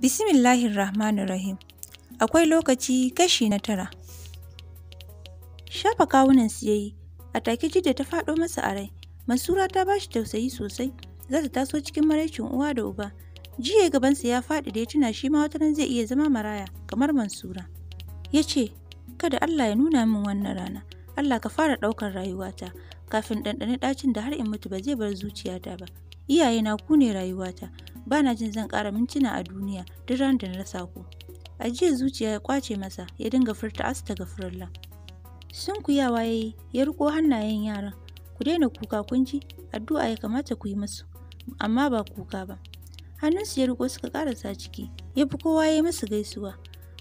Bismillahir Rahmanir Rahim. Akwai lokaci kashi na tara. Shafa kawunan su yayi, a take jidda ta faɗo masa a rai. Mansura ta bashi tausayi sosai, za ta taso cikin maraicin uwa da uba. Jiya gabansa ya faɗi da ya tuna shi ma wata ran zai iya zama maraya kamar Mansura. Ya ce, kada Allah ya nuna min wannan rana, Allah ka fara ɗaukar rayuwata, kafin ɗanɗani ɗacin da har in mutu ba zai bar zuciyata ba. Iyayena ku ne rayuwata, ba na jin zan ƙara mintuna a duniya duk ran da na rasa ku jiya zuciya ya kwace masa ya dinga furta asta ga furilla Sun ya yi ya riko hannayen yaran ku daina kuka kun ji addu'a ya kamata ku yi musu amma ba kuka ba Hannun su ya riko suka ƙarasa ciki ya fi kowa ya yi musu gaisuwa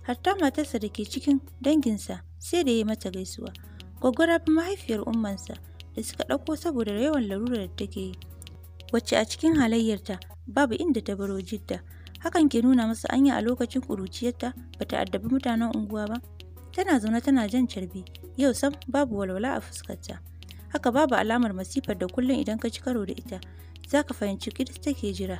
hatta matarsa da ke cikin danginsa sai da ya yi mata gaisuwa gwaggwara fi mahaifiyar ummansa da suka ɗauko saboda yawan larurar da take yi wacce a cikin halayyarta babu inda ta baro jidda hakan ke nuna masa anya a lokacin ƙuruciyarta ba ta addabi mutanen unguwa ba tana zaune tana jan carbi yau sam babu walwala a fuskarta haka babu alamar masifar da kullum idan ka ci karo da ita za ka fahimci kirista take jira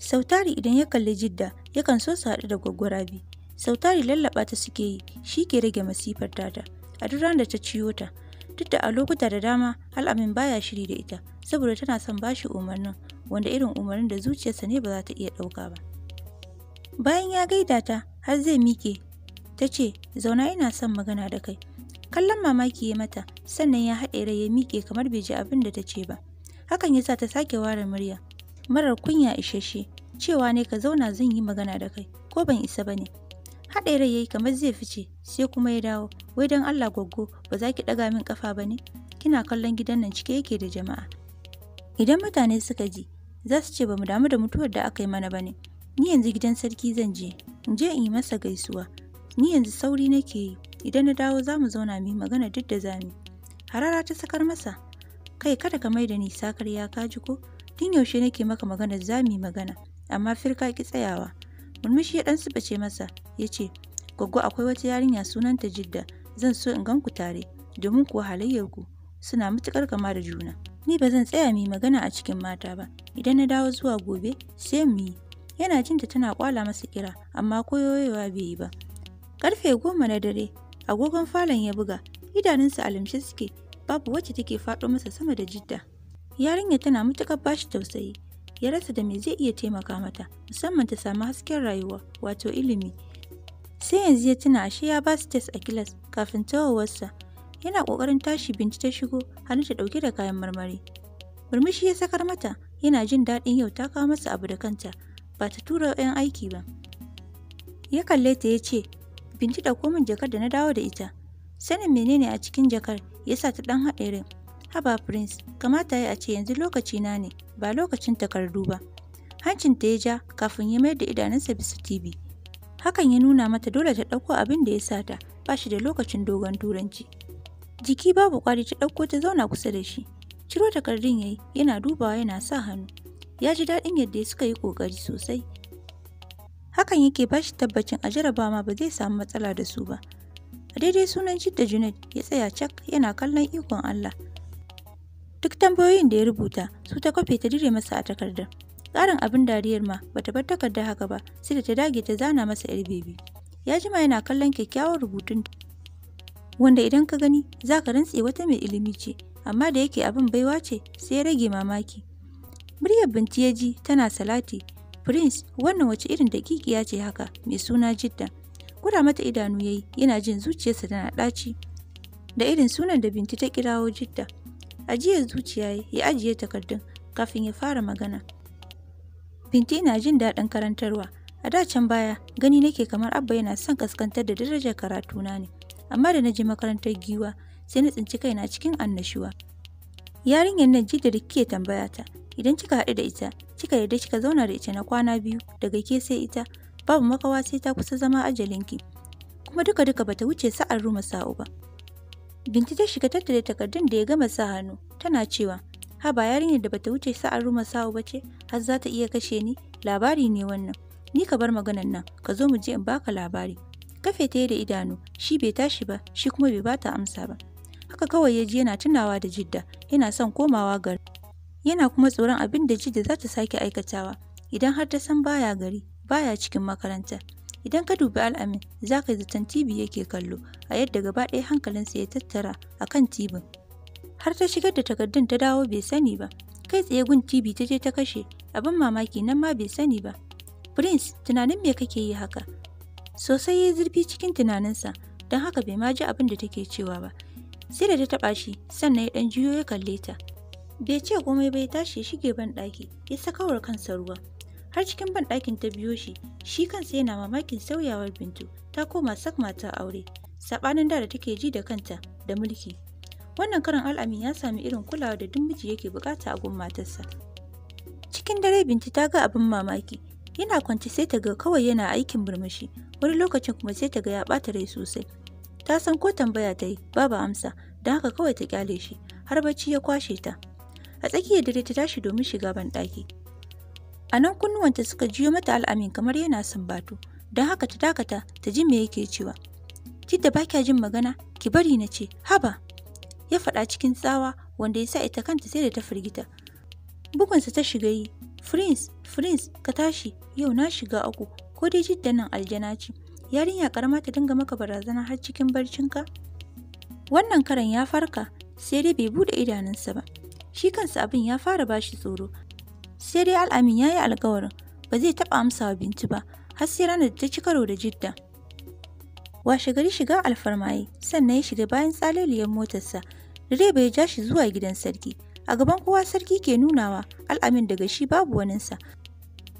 sautari idan ya kalli jidda yakan so su haɗu da gwaggwarabi sautari lallaɓa ta suke yi shi ke rage masifar tata a duk ranar da ta ciyo ta duk da a lokuta da dama al'amin baya shiri da ita saboda tana son bashi umarnin wanda irin umarnin da zuciyarsa ne ba za ta iya ɗauka ba. Bayan ya gaida ta har zai mike, ta ce, zauna ina son magana da kai. Kallon mamaki ya mata, sannan ya haɗe rai ya mike kamar bai ji abin da ta ce ba. Hakan ya sa ta sake ware murya. Marar kunya isasshe, cewa ne ka zauna zan yi magana da kai, ko ban isa ba ne. Haɗe rai ya yi kamar zai fice, sai kuma ya dawo, wai don Allah goggo, ba za ki ɗaga min ƙafa ba ne? Kina kallon gidan nan cike yake da jama'a. Idan mutane suka ji, za su ce ba mu damu da mutuwar da aka yi mana ba ne ni yanzu gidan sarki zan je in je in yi masa gaisuwa ni yanzu sauri nake yi idan na dawo za mu zauna mu yi magana duk da zamu harara ta sakar masa kai kada ka mai da ni sakar ya kaji ko tun yaushe nake maka maganar za mu yi magana amma firka ki tsayawa murmushi ya dan suɓace masa ya ce gwaggo akwai wata yarinya sunanta jidda zan so in gan ku tare domin kuwa halayyar ku suna matukar kama da juna ni ba zan tsaya mu yi magana a cikin mata ba idan na dawo zuwa gobe sai mu yi yana jinta tana kwala masa kira amma koyoyewa bai yi ba karfe goma na dare agogon falon ya buga idanunsa a limshe suke babu wacce take faɗo masa sama da jidda yarinya tana matuƙar bashi tausayi ya rasa da me zai iya taimaka mata musamman ta samu hasken rayuwa wato ilimi sai yanzu ya tuna ashe ya ba su test a kilas kafin tawowarsa yana ƙoƙarin tashi binci ta shigo ta ɗauke da kayan marmari murmushi ya sakar mata yana jin daɗin yau ta kawo masa abu da kanta ba ta tura 'yan aiki ba ya kalle ta ya ce binci ɗauko min jakar da na dawo da ita sanin menene a cikin jakar ya sa ta ɗan haɗe rin haba prince kamata ya a ce yanzu lokaci na ne ba lokacin takardu ba hancinta ya ja kafin ya mayar da idanunsa bisa tv hakan ya nuna mata dole ta ɗauko abin da ya sata ba shi da lokacin dogon turanci Jiki babu kwari ta ɗauko ta zauna kusa da shi. Ciro takardun yayi yana dubawa yana sa hannu. Ya ji daɗin yadda suka yi ƙoƙari sosai. Hakan yake ba shi tabbacin a jaraba ma ba zai samu matsala da su ba. A daidai sunan Jidda Junaid ya tsaya cak yana kallon ikon Allah. Duk tambayoyin da ya rubuta su ta kwafe ta dire masa a takardar. Ƙarin abin dariyar ma bata bar takardar haka ba sai da ta dage ta zana masa yar bebi. Ya jima yana kallon kyakkyawan rubutun wanda idan ka gani za ka rantse wata mai ilimi ce amma da yake abin baiwa ce sai ya rage mamaki muryar binti ji tana salati prince wannan wace irin dakikiya ce haka mai suna jidda kura mata idanu yayi yana jin zuciyarsa tana ɗaci da irin sunan da binti ta kirawo jidda ajiyar zuciya ya ajiye takardun kafin ya fara magana binti na jin daɗin karantarwa a da can baya gani nake kamar abba yana son kaskantar da darajar karatuna ne amma da na je makarantar giwa sai na tsinci kaina cikin annashuwa. Yarinyar nan ji da kike tambaya ta, idan kika haɗu da ita, kika yarda kika zauna da ita na kwana biyu daga ke sai ita, babu makawa sai ta kusa zama ajalinki. Kuma duka-duka ba ta wuce sa'ar ruma sa'u ba. Binti ta shiga tattare takardun da ya gama sa hannu, tana cewa, haba yarinyar da bata wuce sa'ar ruma sa'u ba ce, har za ta iya kashe ni, labari ne wannan. Ni ka bar maganan nan, ka zo mu je in baka labari. kafe ta da idanu shi bai tashi ba shi kuma bai bata amsa ba haka kawai ya ji yana tunawa da jidda yana son komawa gari yana kuma tsoron abin da jidda za ta sake aikatawa idan har ta san baya gari baya cikin makaranta idan ka dubi al'amin za ka zaton tv yake kallo a yadda gaba ɗaya hankalinsa ya tattara a kan tibin har ta shigar da takardun ta dawo bai sani ba kai tsaye gun tv ta je ta kashe abin mamaki nan ma bai sani ba prince tunanin me kake yi haka sosai ya zurfi cikin tunaninsa don haka bai ma ji abin da take cewa ba sai da ta taɓa shi sannan ya ɗan juyo ya kalle ta bai ce komai bai tashi ya shige ban daki ya sakawar kansa ruwa har cikin ban dakin ta biyo shi shi kansa yana mamakin sauyawar bintu ta koma sak mata aure saɓanin da da take ji da kanta da mulki wannan karin al'amin ya sami irin kulawa da duk miji yake bukata a gun matarsa cikin dare bintu ta ga abin mamaki yana kwance sai ta ga kawai yana aikin murmushi, wani lokacin kuma sai ta ga ya ɓata rai sosai ta san ko tambaya ta yi babu amsa don haka kawai ta kyale shi har bacci ya kwashe ta a tsakiyar dare ta tashi domin shiga banɗaki a nan kunnuwanta suka jiyo mata al'amin kamar yana sambatu don haka ta dakata ta ji me yake cewa jidda ba kya jin magana ki bari na ce haba ya faɗa cikin tsawa wanda ya sa ita kanta sai da ta firgita bugunsa ta shiga yi Prince, Prince, ka tashi, yau na shiga uku, ko dai jidda nan aljana ce. Yarinya karama ta dinga maka barazana har cikin barcinka? Wannan karan ya farka, sai dai bai bude idanunsa ba. Shi kansa abin ya fara bashi tsoro. Sai dai al'amin ya yi alkawarin, ba zai taɓa amsa wa Bintu ba, har sai ranar da ta ci karo da jidda. Washe gari shiga alfarmaye, sannan ya shiga bayan tsaleliyar motarsa, direba ya ja shi zuwa gidan sarki. a gaban kowa sarki ke nunawa al'amin daga shi babu waninsa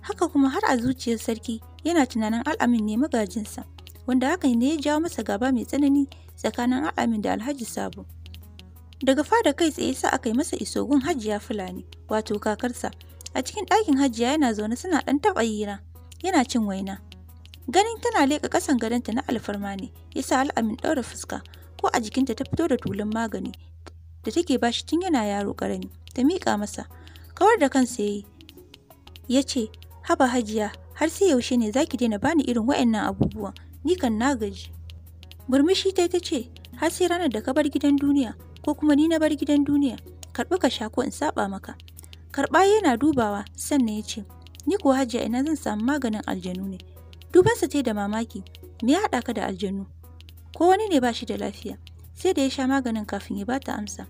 haka kuma har a zuciyar sarki yana tunanin al'amin ne magajinsa wanda hakan ne ya jawo masa gaba mai tsanani tsakanin al'amin da alhaji sabo daga fada kai tsaye sa aka yi masa isogun hajiya fulani wato kakarsa a cikin ɗakin hajiya yana zaune suna ɗan taɓa hira yana cin waina ganin tana leƙa ƙasan gadonta na alfarma ne yasa al'amin ɗaura fuska ko a jikinta ta fito da tulun magani da take bashi tun yana yaro ƙarami ta miƙa masa kawar da kansa yayi ya ce haba hajiya har sai yaushe ne zaki daina bani irin wa'annan abubuwan ni kan na gaji murmushi ta ta ce har sai ranar da ka bar gidan duniya ko kuma ni na bar gidan duniya karɓi ka sha ko in saba maka karɓa yana dubawa sannan ya ce ni kuwa hajiya ina zan samu maganin aljanu ne dubansa ta da mamaki me ya haɗa ka da aljanu ko wani ne ba shi da lafiya sai da ya sha maganin kafin ya bata amsa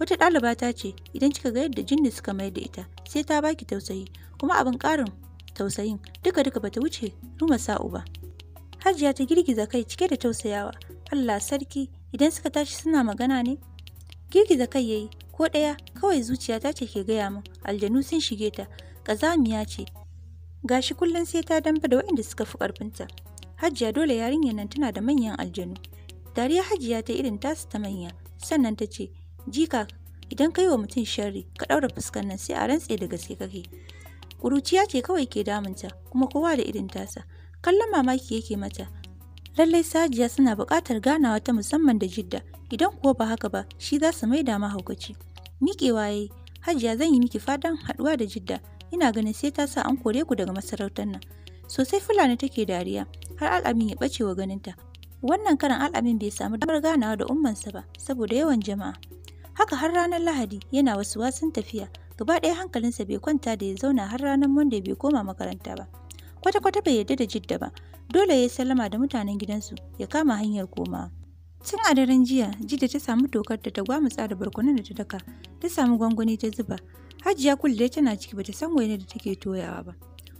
wata ɗaliba ta ce idan kika ga yadda jinni suka mayar da ita sai ta baki tausayi kuma abin ƙarin tausayin duka duka bata wuce ruma sa'u ba hajiya ta girgiza kai cike da tausayawa allah sarki idan suka tashi suna magana ne girgiza kai yayi ko ɗaya kawai zuciya ta ce ke gaya min aljanu sun shige ta ƙazamiya ce gashi kullum sai ta damba da waɗanda suka fi ƙarfinta hajiya dole yarinyar nan tana da manyan aljanu dariya hajiya ta irin tasu ta manya sannan ta ce jika idan ka yi wa mutum sharri ka ɗaura fuskar nan sai a rantse da gaske kake ƙuruciya ce kawai ke damunta kuma kowa da irin tasa kallon mamaki yake mata lallai sajiya suna buƙatar ganawa ta musamman da jidda idan kuwa ba haka ba shi za su maida haukaci miƙewa ya yi hajiya zan yi miki fadan haɗuwa da jidda ina ganin sai ta sa an kore ku daga masarautar nan sosai fulani take dariya har al'amin ya ɓace wa ganinta Wannan karan al'amin bai samu damar ganawa da ummansa ba saboda yawan jama'a. Haka har ranar Lahadi yana wasu wasan tafiya, gaba ɗaya hankalinsa bai kwanta da ya zauna har ranar Monday bai koma makaranta ba. Kwata-kwata bai yarda da Jidda ba, dole ya yi sallama da mutanen gidansu ya kama hanyar komawa. Tun a daren jiya, Jidda ta samu tokar da ta gwamutsa da barkonon da ta daka, ta samu gwangwani ta zuba. Hajiya kulle tana ciki bata san waine da take toyawa ba.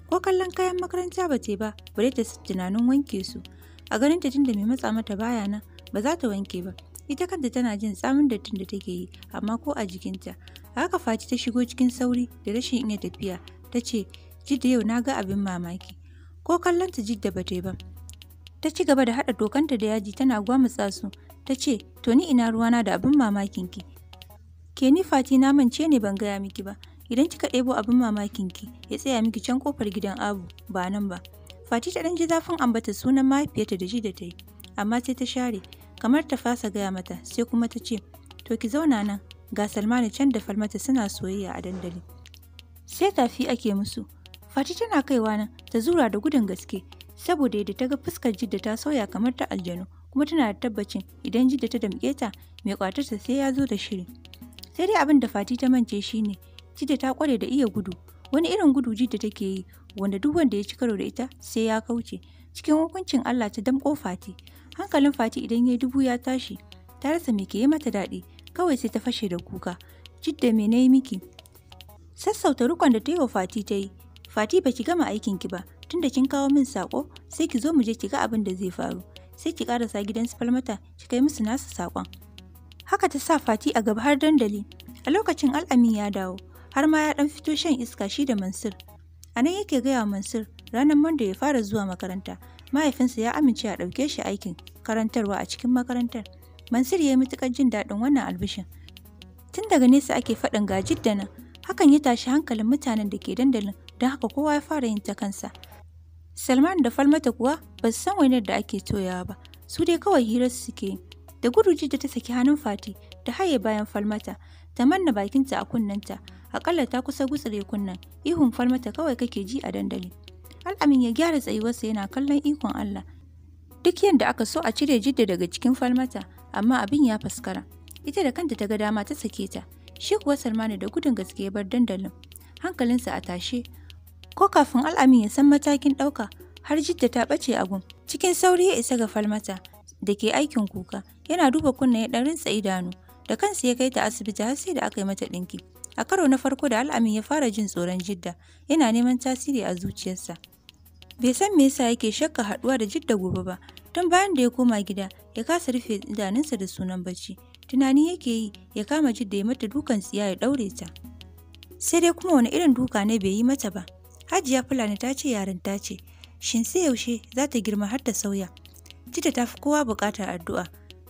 Ko kallon kayan makaranta ba ta ba, bare ta tunanin wanke su. a ganin ta da mai matsa mata baya nan ba za ta wanke ba ita kanta tana jin tsamin dattin da take yi amma ko a jikinta haka faci ta shigo cikin sauri da rashin iya tafiya ta ce jidda yau na ga abin mamaki ko kallon ta jidda ba ba ta ci gaba da haɗa dokanta da yaji tana gwamutsa su ta ce to ni ina ruwana da abin mamakin ki ke ni fati na mance ne ban gaya miki ba idan kika ɗebo abin mamakin ki ya tsaya miki can kofar gidan abu ba nan ba Fati ta ɗan ji zafin ambata sunan mahaifiyarta da ji da ta yi, amma sai ta share, kamar ta fasa gaya mata, sai kuma ta ce, To ki zauna nan, ga Salmanu can da Falmata suna soyayya a dandali. Sai tafi ake musu. Fati tana kaiwa nan, ta zura da gudun gaske, saboda yadda ta ga fuskar jidda ta sauya kamar ta aljanu, kuma tana da tabbacin idan jidda ta damƙe ta, mai ƙwatarta sai ya zo da shiri. Sai dai abin da Fati ta mance ne. jidda ta ƙware da iya gudu, wani irin gudu jidda take yi wanda duk wanda ya ci karo da ita sai ya kauce cikin hukuncin Allah ta damƙo Fati hankalin Fati idan ya dubu ya tashi ta rasa me ke yi mata daɗi kawai sai ta fashe da kuka jidda me na yi miki sassauta rukon da ta yi wa Fati ta yi Fati ba ki gama aikin ki ba tunda kin kawo min sako sai ki zo mu je ki ga abin da zai faru sai ki karasa gidan su falmata ki kai musu nasu sakon haka ta sa Fati a gaba har dandali a lokacin al'amin ya dawo har ma ya ɗan fito shan iska shi da Mansur. A nan yake gaya wa Mansur ranar Monday ya fara zuwa makaranta. Mahaifinsa ya amince a ɗauke shi aikin karantarwa a cikin makarantar. Mansur ya yi matuƙar jin daɗin wannan albishin. Tun daga nesa ake faɗin gajid da nan, hakan ya tashi hankalin mutanen da ke dandalin don haka kowa ya fara yin ta kansa. Salman da Falmata kuwa ba su san wainar da ake toyawa ba, su dai kawai hirar suke yi. Da gudu jidda ta saki hannun Fati da haye bayan falmata, ta manna bakinta a kunnenta, akalla ta kusa gutsire kunnen, ihun falmata kawai kake ji a dandali. Al'amin ya gyara tsayuwarsa yana kallon ikon Allah. Duk yadda aka so a cire jidda daga cikin falmata, amma abin ya faskara. Ita da kanta ta ga dama ta sake ta. Shi kuwa salmani da gudun gaske ya bar dandalin. Hankalinsa a tashe. Ko kafin al'amin ya san matakin ɗauka, har jidda ta ɓace a Cikin sauri ya isa ga falmata da ke aikin kuka. yana duba kunne ya ɗarinsa idanu da kansa ya kai ta asibiti har sai da aka yi mata ɗinki a karo na farko da al'amin ya fara jin tsoron jidda yana neman tasiri a zuciyarsa bai san me yasa yake shakka haɗuwa da jidda gobe ba tun bayan da ya koma gida ya kasa rufe idanunsa da sunan bacci tunani yake yi ya kama jidda ya mata dukan tsiya ya ɗaure ta sai dai kuma wani irin duka ne bai yi mata ba hajiya fulani ta ce ta ce shin sai yaushe za ta girma har ta sauya jidda ta fi kowa buƙatar addu'a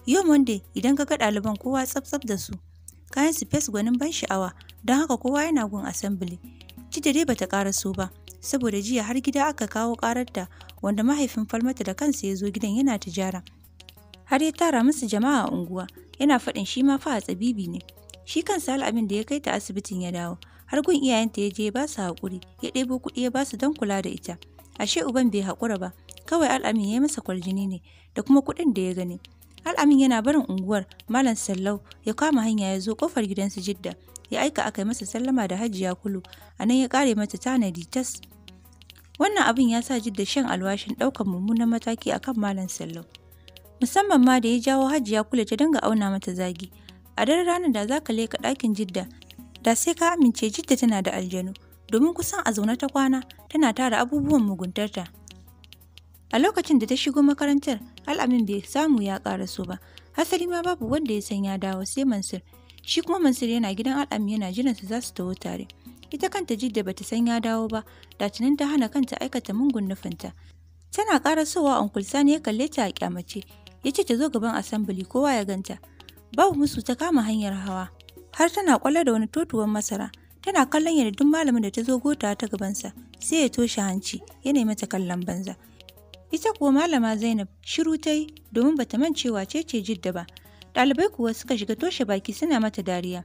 Yau Monday idan ka ga ɗaliban kowa tsabtsab da su. Kayan space gwanin ban sha'awa don haka kowa yana gun assembly. Jida dai bata ƙara so ba saboda jiya har gida aka kawo ta wanda mahaifin Falmata da kansa ya zo gidan yana tijara. Har ya tara musu jama'a a unguwa yana faɗin shi ma fa a tsabibi ne. Shi kansa al'abin da ya kai ta asibitin ya dawo har gun iyayenta ya je ba su haƙuri ya ɗebo kuɗi ya ba su don kula da ita. Ashe uban bai haƙura ba kawai al'amin ya yi masa kwaljini ne da kuma kuɗin da ya gani. al'amin yana barin unguwar Malam Sallau ya kama hanya ya zo kofar gidansu Jidda ya aika aka yi masa sallama da Hajiya Kulu a nan ya kare mata tanadi tas. Wannan abin ya sa Jidda shan alwashin ɗaukar mummunan mataki akan Malam Sallau. Musamman ma da ya jawo Hajiya Kulu ta dinga auna mata zagi. A daren ranar da za ka leka ɗakin Jidda da sai ka amince Jidda tana da aljanu domin kusan a zaune ta kwana tana tara abubuwan muguntarta A lokacin da ta shigo makarantar, al'amin bai samu ya so ba. Hasali ma babu wanda ya san ya dawo sai Mansur. Shi kuma Mansur yana gidan al'amin yana jiran su za su taho tare. Ita kanta Jidda bata san ya dawo ba, da tunan ta hana kanta aikata mungun nufinta. Tana ƙara a Uncle Sani ya kalle ta a kyamace, ya ce ta zo gaban asambili kowa ya ganta. Babu musu ta kama hanyar hawa, har tana kwallo da wani totuwan masara. Tana kallon yadda duk malamin da ta zo gotawa ta gabansa, sai ya toshe hanci, ya nemi ta kallon banza. Ita kuwa malama Zainab shiru ta yi domin bata mance cewa ce jidda ba. Ɗalibai kuwa suka shiga toshe baki suna mata dariya.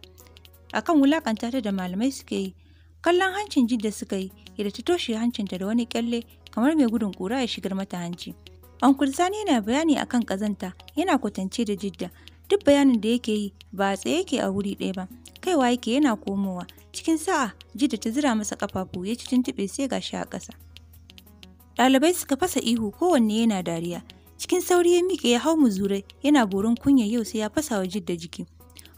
Akan wulakanta ta da malamai suke yi. Kallon hancin jidda suka yi yadda ta toshe hancinta da wani kyalle kamar mai gudun kura ya shigar mata hanci. Uncle yana bayani akan kazanta yana kwatance da jidda. Duk bayanin da yake yi ba a tsaye yake a wuri ɗaya ba. Kaiwa yake yana komowa. Cikin sa'a jidda ta zira masa kafafu ya ci tuntuɓe sai gashi a ƙasa. Ɗalibai suka fasa ihu kowanne yana dariya. Cikin sauri ya miƙe ya hau muzurai yana borin kunya yau sai ya fasa wa jidda jiki.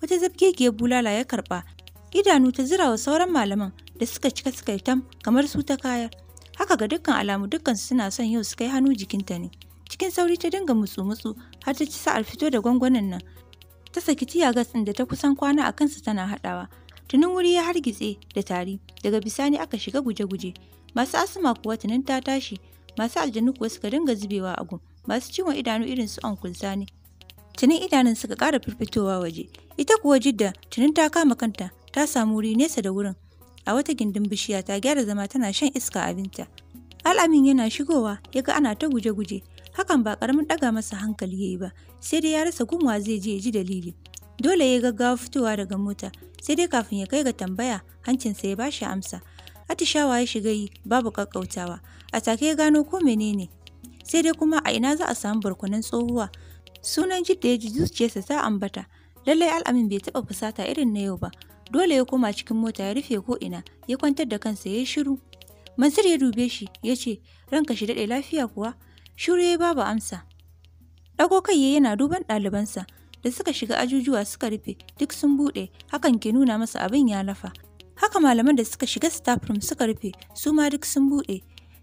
Wata zabgegiyar bulala ya karɓa. Idanu ta zira wa sauran malaman da suka cika suka tam kamar su ta kaya." Haka ga dukkan alamu dukkan suna son yau su kai hannu jikinta ne. Cikin sauri ta dinga mutsu-mutsu har ta ci sa'ar fito da gwangwanin nan. Ta saki tiya gas da ta kusan kwana a kansa tana haɗawa. Tunin wuri ya hargitse da tari. Daga bisani aka shiga guje-guje. masu asma kuwa tunin ta tashi masu aljanu kuwa suka dinga zubewa a gun masu ciwon idanu irin su ankul sani Tunin idanun suka ƙara firfitowa waje ita kuwa jidda tunin ta kama kanta ta samu wuri nesa da wurin a wata gindin bishiya ta gyara zama tana shan iska abinta al'amin yana shigowa ya ga ana ta guje-guje hakan ba karamin ɗaga masa hankali ya yi ba sai dai ya rasa gunwa zai je ya ji dalili dole ya gaggawa fitowa daga mota sai dai kafin ya kai ga tambaya hancinsa ya bashi amsa atishawa ya shiga yi babu kakkautawa a take ya gano ko menene sai dai kuma a ina za a samu barkunan tsohuwa sunan jidda ya ji zuciyarsa ta ambata lallai al'amin bai taɓa fusata irin na yau ba dole ya koma cikin mota ya rufe ko ina ya kwantar da kansa ya shiru mansur ya dube shi ya ce ranka shi daɗe lafiya kuwa shiru ya babu amsa ɗago kai yana duban ɗalibansa da suka shiga ajujuwa suka rufe duk sun buɗe hakan ke nuna masa abin ya lafa haka malaman da suka shiga staff room suka rufe su ma duk sun bude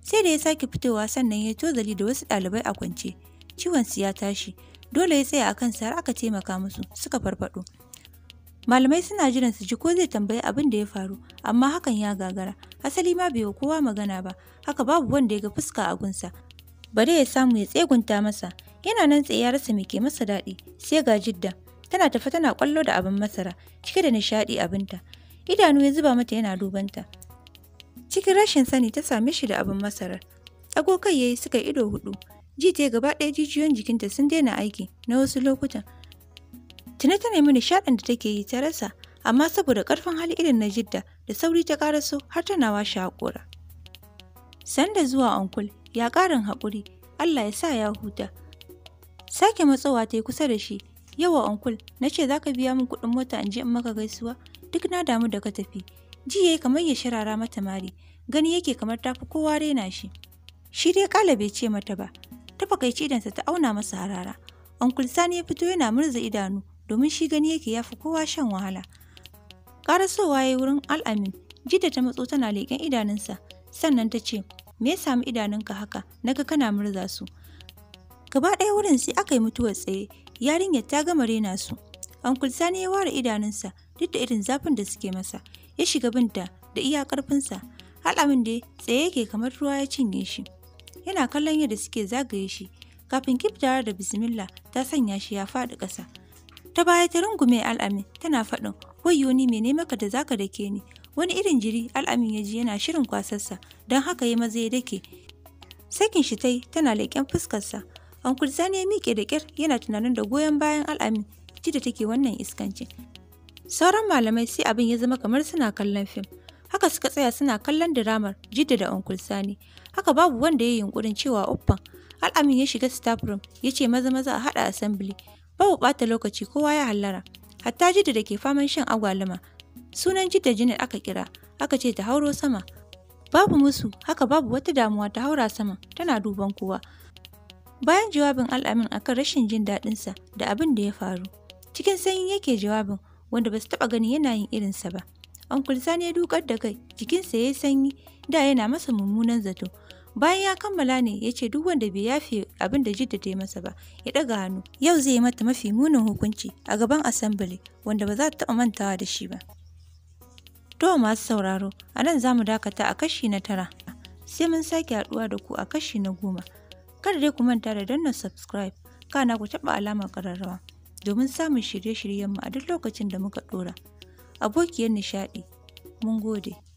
sai da ya sake fitowa sannan ya tozali da wasu dalibai a kwance ciwon su ya tashi dole ya tsaya akan kan har aka taimaka musu suka farfado malamai suna jiran su ji ko zai tambayi abin da ya faru amma hakan ya gagara asali ma bai kowa magana ba haka babu wanda ya ga fuska a gunsa bare ya samu ya tsegunta masa yana nan tsaye ya rasa me ke masa daɗi sai ga jidda tana tafe tana kwallo da abin masara cike da nishaɗi abinta idanu ya zuba mata yana dubanta cikin rashin sani ta same shi da abin masarar tsago kai yayi suka ido hudu ji ta gaba ɗaya jijiyoyin jikinta sun daina aiki na wasu lokutan tuna ta nemi nishaɗin da take yi ta rasa amma saboda ƙarfin hali irin na jidda da sauri ta kara so har tana washe haƙora sanda zuwa onkul ya ƙarin hakuri! allah ya sa ya huta sake matsowa ta yi kusa da shi yawa onkul na ce za ka biya min kuɗin mota in je in maka gaisuwa duk na damu da ka tafi ji yayi kamar ya shirara mata mari gani yake kamar ta fi kowa rena shi shi dai kala bai ce mata ba ta fakaici idansa ta auna masa harara uncle sani ya fito yana murza idanu domin shi gani yake ya fi kowa shan wahala karasowa ya yi wurin al'amin Jida ta matso tana leƙen idanunsa sannan ta ce me ya samu idanunka haka Na naga kana murza su gaba ɗaya wurin sai aka yi mutuwar tsaye yarinyar ta gama rena su uncle sani ya ware idanunsa duk da irin zafin da suke masa ya shiga binta da iya ƙarfinsa alamin da tsaye yake kamar ruwa ya cinye shi yana kallon yadda suke zagaye shi kafin kiftawa da bismillah ta sanya shi ya faɗi ƙasa ta baya ta rungume al'amin tana faɗin wayyo ni mene maka da zaka dake ni wani irin jiri al'amin ya ji yana shirin kwasarsa don haka ya maza ya dake sakin shi tai tana leƙen fuskarsa an kurzani ya miƙe da ƙyar yana tunanin da goyon bayan al'amin ji da take wannan iskancin Sauran malamai sai abin ya zama kamar suna kallon fim. Haka suka tsaya suna kallon diramar Jidda da Uncle Sani. Haka babu wanda ya yi yunkurin cewa uffan. Al'amin ya shiga staff room ya ce maza maza a haɗa assembly. Babu ɓata lokaci kowa ya hallara. Hatta Jidda da ke faman shan agwaluma. Sunan Jidda Janet aka kira. Aka ce ta hauro sama. Babu musu, haka babu wata damuwa ta haura sama, tana duban kowa. Bayan jawabin al'amin akan rashin jin daɗinsa da abin da ya faru, cikin sanyi yake jawabin wanda ba su taɓa gani yana yin irinsa ba. Uncle Sani ya dukar da kai, jikinsa ya yi sanyi, da yana masa mummunan zato. Bayan ya kammala ne ya ce duk wanda bai yafe abin da jidda ta yi masa ba, ya ɗaga hannu. Yau zai yi mata mafi munin hukunci a gaban asambili wanda ba za ta taɓa mantawa da shi ba. To masu sauraro, a nan za mu dakata a kashi na tara. Sai mun sake haɗuwa da ku a kashi na goma. Kada dai ku manta da danna subscribe, kana ku taɓa alamar ƙararrawa. domin samun shirye-shiryenmu a duk lokacin da muka ɗora. Abokiyar nishaɗi, mun gode.